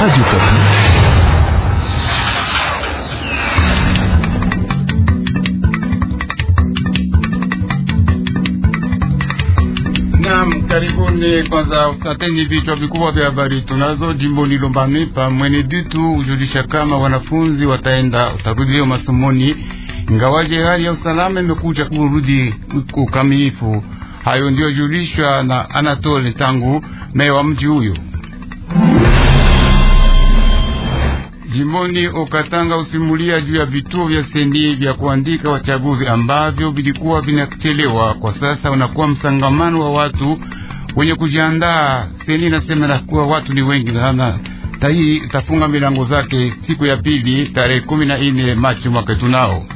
Radio Okapi. Naam, karibuni. Kwanza utateni vichwa vikubwa vya habari tunazo. Jimboni Mwene Ditu hujulisha kama wanafunzi wataenda utarudio masomoni ingawaje hali ya usalama imekuja kurudi kukamilifu. Hayo ndiyo julishwa na Anatole tangu meya wa mji huyo. Jimoni Okatanga usimulia juu ya vituo vya seni vya kuandika wachaguzi ambavyo vilikuwa vinachelewa. Kwa sasa unakuwa msangamano wa watu wenye kujiandaa. Seni Nasema na kuwa watu ni wengi sana. Tahii itafunga milango zake siku ya pili tarehe kumi na nne Machi mwaka tunao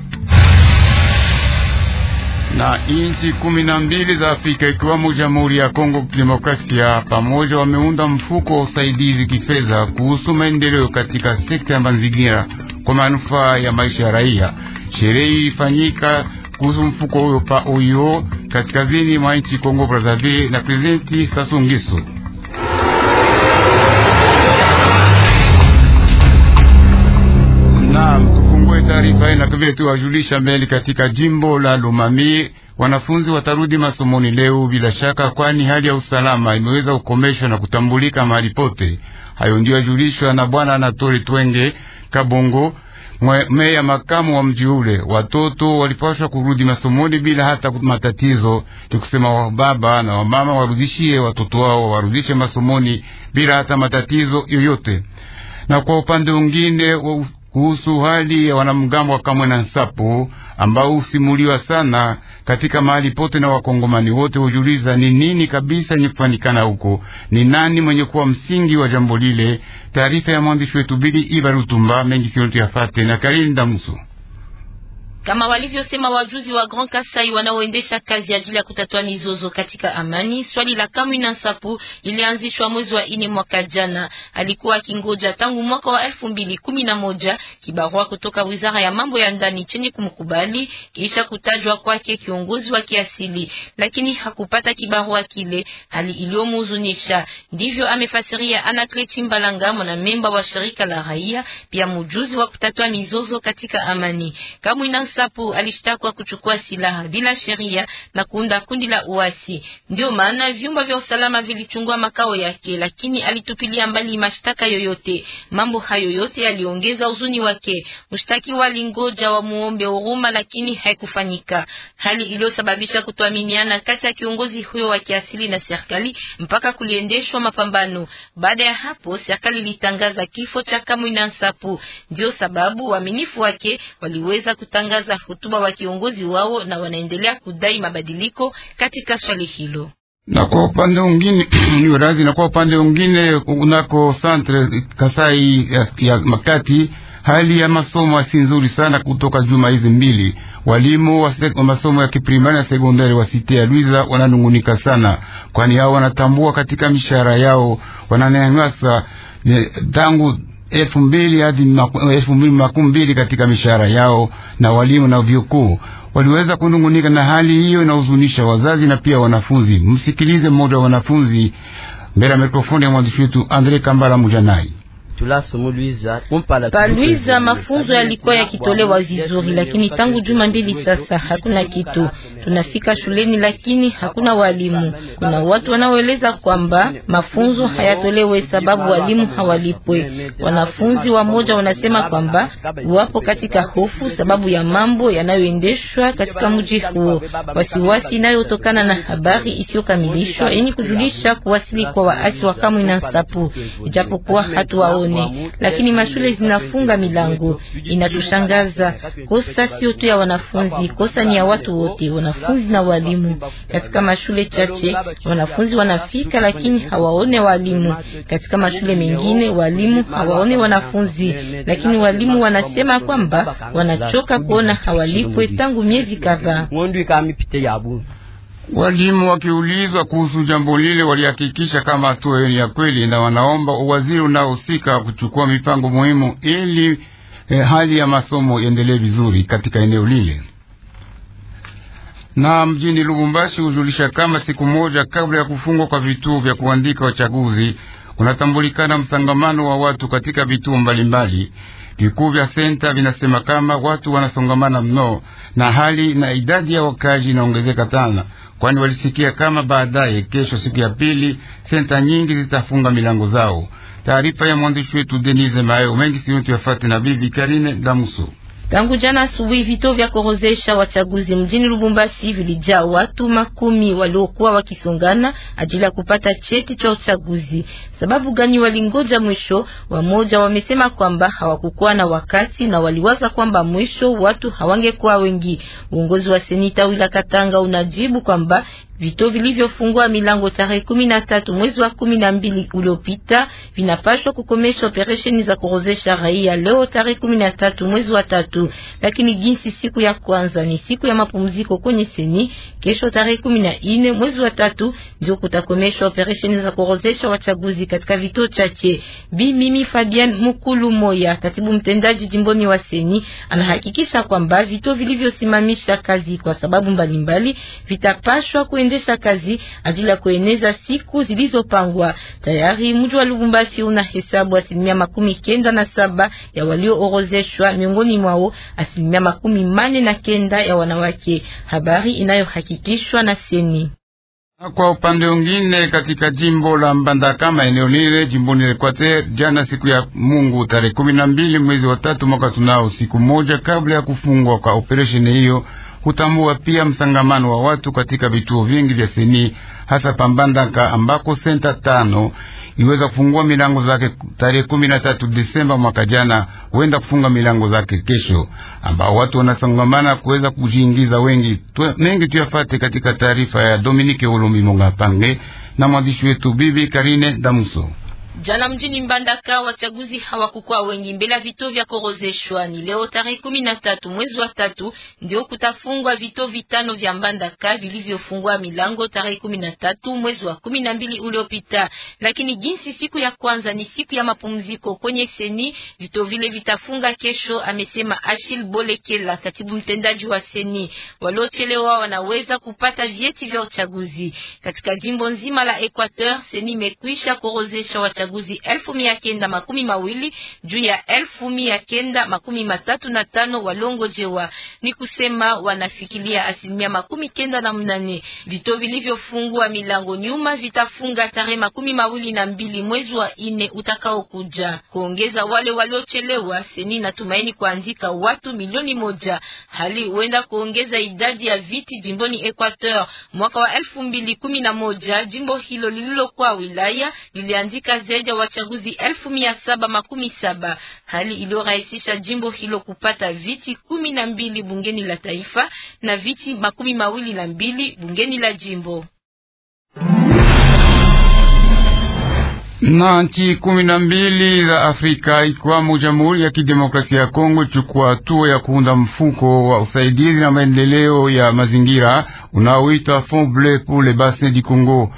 na inchi kumi na mbili za Afrika ikiwamo Jamhuri ya Kongo Kidemokrasia pamoja wameunda mfuko wa usaidizi kifedha kuhusu maendeleo katika sekta ya mazingira kwa manufaa ya maisha ya raia. Sherehe ilifanyika kuhusu mfuko huyo pa oyo kaskazini mwa nchi Kongo Brazzaville na Prezidenti Sassou Nguesso taarifa vile tu wajulisha mbele katika jimbo la Lomami wanafunzi watarudi masomoni leo bila shaka, kwani hali ya usalama imeweza kukomeshwa na kutambulika mahali pote. Hayo ndio yajulishwa na bwana Anatoli Twenge Kabongo, meya makamu wa mji ule. Watoto walipashwa kurudi masomoni bila hata matatizo, ni kusema wababa na wamama warudishie watoto wao warudishe masomoni bila hata matatizo yoyote. Na kwa upande mwingine kuhusu hali ya wanamgambo wa kamwe na Nsapu ambao husimuliwa sana katika mahali pote na wakongomani wote hujuliza ni nini kabisa yenye kufanikana huko, ni nani mwenye kuwa msingi wa jambo lile. Taarifa ya mwandishi wetu Bili Iva Lutumba mengi siotu yafate na Karini Damusu. Kama walivyosema wajuzi wa Grand Kasai wanaoendesha kazi ajili ya kutatua mizozo katika amani, swali la Kamwina Nsapu ilianzishwa mwezi wa ine mwaka jana. Alikuwa akingoja tangu mwaka wa elfu mbili kumi na moja kibarua kutoka wizara ya mambo ya ndani chenye kumkubali kisha kutajwa kwake kiongozi wa kiasili, lakini hakupata kibarua kile, hali iliyomuhuzunisha. Ndivyo amefasiria Mbalanga, Chimbalanga, memba wa shirika la raia pia mujuzi wa kutatua mizozo katika amani Kamwina Sapu alishtakwa kuchukua silaha bila sheria na kuunda kundi la uasi. Ndio maana vyumba vya usalama vilichungua makao yake, lakini alitupilia mbali mashtaka yoyote. Mambo hayo yote yaliongeza uzuni wake. Mshtakiwa alingoja muombe huruma, lakini haikufanyika, hali iliyosababisha kutoaminiana kati ya kiongozi huyo wa kiasili na serikali mpaka kuliendeshwa mapambano. Baada ya hapo, serikali ilitangaza kifo cha Kamwina Nsapu. Ndio sababu waaminifu wake waliweza kutangaza walianza hotuba wa kiongozi wao na wanaendelea kudai mabadiliko katika swali hilo na kwa upande mwingine radhi, na kwa upande mwingine kunako centre Kasai ya Makati, hali ya masomo si nzuri sana. Kutoka juma hizi mbili, walimu wa masomo ya kiprimari na sekondari wa site ya Luiza wananungunika sana, kwani hao wanatambua katika mishahara yao wananyanyasa tangu elfu mbili hadi elfu mbili makumi mbili katika mishahara yao, na walimu na vyukuu waliweza kunungunika na hali hiyo inahuzunisha wazazi na pia wanafunzi. Msikilize mmoja wa wanafunzi mbele ya mikrofoni ya mwandishi wetu Andre Kambala Mujanai. Palwiza mafunzo yalikuwa yakitolewa vizuri, lakini tangu juma mbili sasa hakuna kitu. Tunafika shuleni, lakini hakuna walimu. Kuna watu wanaoeleza kwamba mafunzo hayatolewe sababu walimu hawalipwe. Wanafunzi moja wanasema kwamba wapo katika hofu sababu ya mambo yanayoendeshwa katika mji huo, wasiwasi inayotokana na habari isiyokamilishwa yenye yaani kujulisha kuwasili kwa waasi wa Kamwina Nsapu, ijapokuwa hatuwa jioni, lakini mashule zinafunga milango. Inatushangaza, kosa sio tu ya wanafunzi, kosa ni ya watu wote, wanafunzi na walimu. Katika mashule chache wanafunzi wanafika, lakini hawaone walimu. Katika mashule mengine walimu hawaone wanafunzi, lakini walimu wanasema kwamba wanachoka kuona hawalipwe tangu miezi kadhaa. Walimu wakiulizwa kuhusu jambo lile, walihakikisha kama hatua ya kweli, na wanaomba uwaziri unaohusika kuchukua mipango muhimu ili eh, hali ya masomo iendelee vizuri katika eneo lile na mjini Lubumbashi hujulisha kama siku moja kabla ya kufungwa kwa vituo vya kuandika wachaguzi unatambulikana msangamano wa watu katika vituo mbalimbali vikuu vya senta. Vinasema kama watu wanasongamana mno na hali na idadi ya wakazi inaongezeka sana kwani walisikia kama baadaye kesho, siku ya pili, senta nyingi zitafunga milango zao. Taarifa ya mwandishi wetu Denise Mayo mengi siyotu yafate na bibi Karine damusu Tangu jana asubuhi vituo vya korozesha wachaguzi mjini Lubumbashi vilijaa watu makumi waliokuwa wakisongana ajili ya kupata cheti cha uchaguzi. Sababu gani walingoja mwisho? Wamoja wamesema kwamba hawakukuwa na wakati na waliwaza kwamba mwisho watu hawangekuwa wengi. Uongozi wa senita wila Katanga unajibu kwamba Vituo vilivyofungua milango tarehe kumi na tatu mwezi wa kumi na mbili uliopita vinapashwa kukomesha operesheni za kurozesha raia leo tarehe kumi na tatu mwezi wa tatu, lakini jinsi siku ya kwanza ni siku ya mapumziko kwenye seni, kesho tarehe kumi na nne mwezi wa tatu ndio kutakomeshwa operesheni za kurozesha wachaguzi katika vituo chache. Bi Mimi Fabian Mukulu Moya, katibu mtendaji jimboni wa seni, anahakikisha kwamba vituo vilivyosimamisha kazi kwa sababu mbalimbali vitapashwa kwenye kuendesha kazi ajili ya kueneza siku zilizopangwa. Tayari mji wa Lubumbashi una hesabu asilimia makumi kenda na saba ya walioorozeshwa, miongoni mwao asilimia makumi mane na kenda ya wanawake, habari inayohakikishwa na Seni. Kwa upande mwingine, katika jimbo la Mbandaka maeneo lile jimboni Equateur, jana siku ya Mungu tarehe kumi na mbili mwezi wa tatu mwaka tunao, siku moja kabla ya kufungwa kwa operesheni hiyo hutambua pia msangamano wa watu katika vituo vingi vya seni hasa Pambandaka ambako senta tano iliweza kufungua milango zake tarehe 13 Desemba mwaka jana, huenda kufunga milango zake kesho, ambao watu wanasangamana kuweza kujiingiza wengi mengi. Tuyafate katika taarifa ya dominike Olombi Mongapange na mwandishi wetu Bibi Karine Damuso. Jana mjini Mbandaka wachaguzi hawakukua wengi mbele vituo vya korozeshwa. Ni leo tarehe kumi na tatu mwezi wa tatu ndio kutafungwa vituo vitano vya Mbandaka vilivyofungwa milango tarehe kumi na tatu mwezi wa kumi na mbili uliopita, lakini jinsi siku ya kwanza ni siku ya mapumziko kwenye seni, vituo vile vitafunga kesho, amesema Ashil Bolekela, katibu mtendaji wa seni. Waliochelewa wanaweza kupata vyeti vya uchaguzi katika jimbo nzima la Equateur. Seni imekwisha korozesha wachaguzi uchaguzi elfu mia kenda makumi mawili juu ya elfu mia kenda makumi matatu na tano waliongojewa, ni kusema wanafikilia asilimia makumi kenda na mnane. Vituo vilivyofungua milango nyuma vitafunga tarehe makumi mawili na mbili mwezi wa ine utakaokuja. Kuongeza wale waliochelewa, seni natumaini kuandika watu milioni moja, hali huenda kuongeza idadi ya viti jimboni Equateur. Mwaka wa elfu mbili kumi na moja jimbo hilo lililokuwa wilaya liliandika zaidi ya wachaguzi elfu mia saba makumi saba hali iliyorahisisha jimbo hilo kupata viti kumi na mbili bungeni la taifa na viti makumi mawili na mbili bungeni la jimbo. na nchi kumi na mbili za Afrika ikiwamo Jamhuri ya Kidemokrasia ya Kongo chukua hatua ya kuunda mfuko wa usaidizi na maendeleo ya mazingira unaoitwa Fond Bleu pour le Bassin du Congo.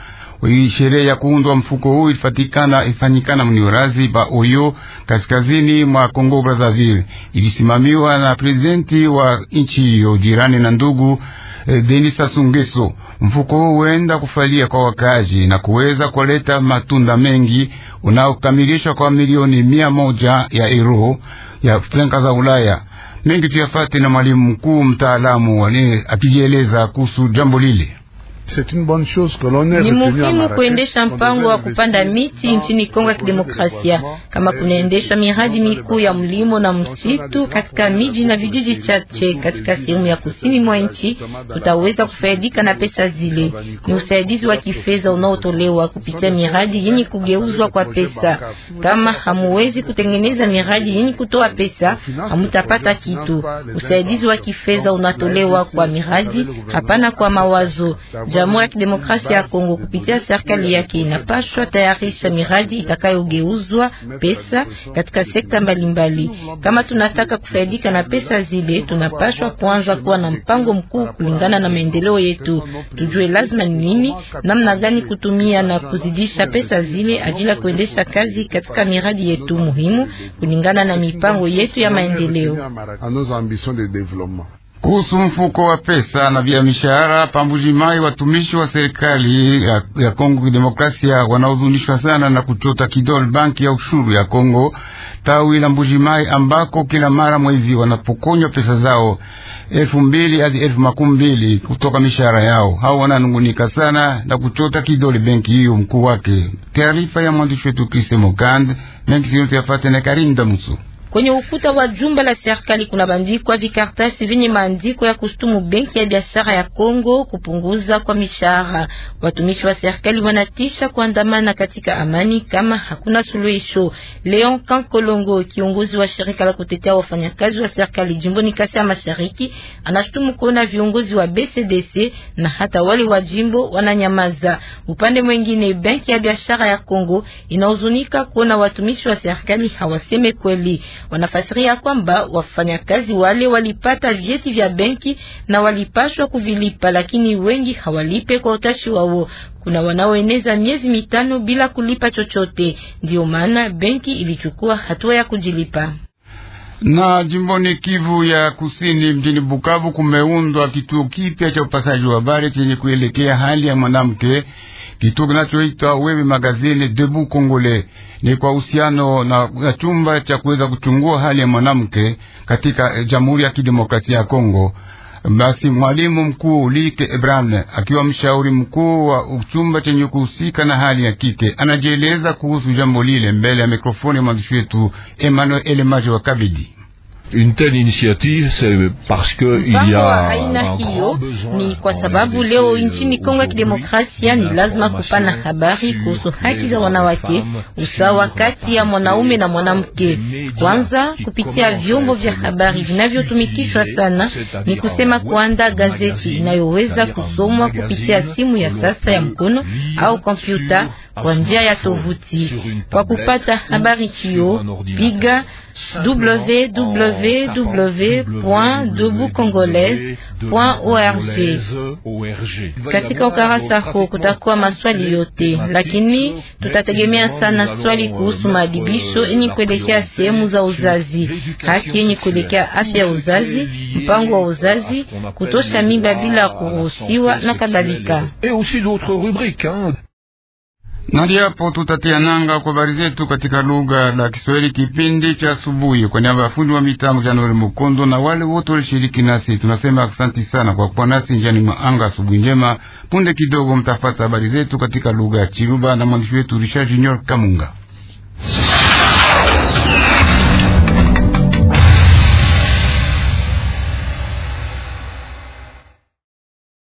Sherehe ya kuundwa mfuko huu ilifatikana ifanyikana mniorazi ba Oyo kaskazini mwa Kongo Brazzaville, ilisimamiwa na presidenti wa nchi hiyo jirani na ndugu eh, Denis Sassou Nguesso. Mfuko huu huenda kufalia kwa wakazi na kuweza kuleta matunda mengi unaokamilishwa kwa milioni mia moja ya euro ya franka za Ulaya. Mengi tuyafate na mwalimu mkuu mtaalamu akijieleza kuhusu jambo lile. Ni muhimu kuendesha mpango wa kupanda miti nchini Kongo ya Kidemokrasia, kama kunaendeshwa miradi mikuu ya mlimo na msitu katika miji na vijiji chache katika sehemu ya kusini mwa nchi, tutaweza kufaidika na pesa zile. Ni usaidizi wa kifedha unaotolewa kupitia miradi yenye kugeuzwa kwa pesa. Kama hamuwezi kutengeneza miradi yenye kutoa pesa, hamutapata kitu. Usaidizi wa kifedha unatolewa kwa miradi, hapana kwa mawazo. Jamhuri ya Kidemokrasia ya Kongo kupitia serikali yake inapashwa tayarisha miradi itakayogeuzwa pesa katika sekta mbalimbali. mbali. Kama tunataka kufaidika na pesa zile, tunapashwa kuanza kuwa na mpango mkuu kulingana na maendeleo yetu. Tujue lazima ni nini, namna gani kutumia na kuzidisha pesa zile ajili ya kuendesha kazi katika miradi yetu muhimu kulingana na mipango yetu ya maendeleo kuhusu mfuko wa pesa na vya mishahara mai, watumishi wa serikali ya, ya Kongo Kidemokrasia wanaozunishwa sana na kuchota kidole banki ya ushuru ya Kongo tawi la Mbujimai, ambako kila mara mwezi wanapokonywa pesa zao elfu mbili hadi elfu makumi mbili kutoka mishahara yao. Hao wananungunika sana na kuchota kidole benki hiyo mkuu wake. Taarifa ya mwandishi wetu Kriste Mogand mengi siyote yafate na Karinda Musu. Kwenye ukuta wa jumba la serikali kuna bandiko ya vikartasi vyenye maandiko ya kushtumu benki ya biashara ya Kongo kupunguza kwa mishahara. Watumishi wa serikali wanatisha kuandamana katika amani kama hakuna suluhisho. Leon Kankolongo, kiongozi wa shirika la kutetea wafanyakazi wa serikali jimboni Kasai ya Mashariki, anashtumu kuona viongozi wa BCDC na hata wale wa jimbo wananyamaza. Upande mwingine, benki ya biashara ya Kongo inahuzunika kuona watumishi wa serikali hawaseme kweli. Wanafasiria kwamba wafanyakazi wale walipata vyeti vya benki na walipashwa kuvilipa, lakini wengi hawalipe kwa utashi wao. Kuna wanaoeneza miezi mitano bila kulipa chochote, ndio maana benki ilichukua hatua ya kujilipa na jimboni Kivu ya Kusini, mjini Bukavu kumeundwa kituo kipya cha upasaji wa habari chenye kuelekea hali ya mwanamke kituo kinachoitwa wewe magazini Debu Kongole ni kwa uhusiano na chumba cha kuweza kuchungua hali ya mwanamke katika eh, Jamhuri ya Kidemokrasia ya Kongo. Basi mwalimu mkuu Ulike Ebran akiwa mshauri mkuu wa chumba chenye kuhusika na hali ya kike anajieleza kuhusu jambo lile mbele ya mikrofoni ya mwandishi wetu Emmanuel Elemaji wa Kabidi. Une telle initiative, c'est parce que il y a aina hiyo ni kwa sababu leo nchini euh, Kongo ya Kidemokrasia ni lazima kupana habari kuhusu haki za wanawake, usawa kati ya mwanaume na mwanamke, kwanza kupitia vyombo vya habari vinavyotumikishwa sana, ni kusema kuanda gazeti inayoweza kusomwa kupitia simu ya sasa ya mkono au kompyuta kwa njia ya tovuti. Kwa kupata habari hiyo, piga www.deboucongolaise.org. Katika ukarasa huo kutakuwa maswali yote, lakini tutategemea sana swali kuhusu maadibisho yenye kuelekea sehemu za uzazi, haki yenye kuelekea afya uzazi, mpango wa uzazi, kutosha mimba bila kuruhusiwa na kadhalika. Nadi hapo tutatia nanga kwa habari zetu katika lugha la Kiswahili kipindi cha asubuhi. Kwa niaba ya fundi wa mitambo Januari Mukondo na wale wote walishiriki nasi, tunasema asante sana kwa kuwa nasi njiani anga Asubuhi njema. Punde kidogo mtafata habari zetu katika lugha ya chiruba na mwandishi wetu Richard Junior Kamunga.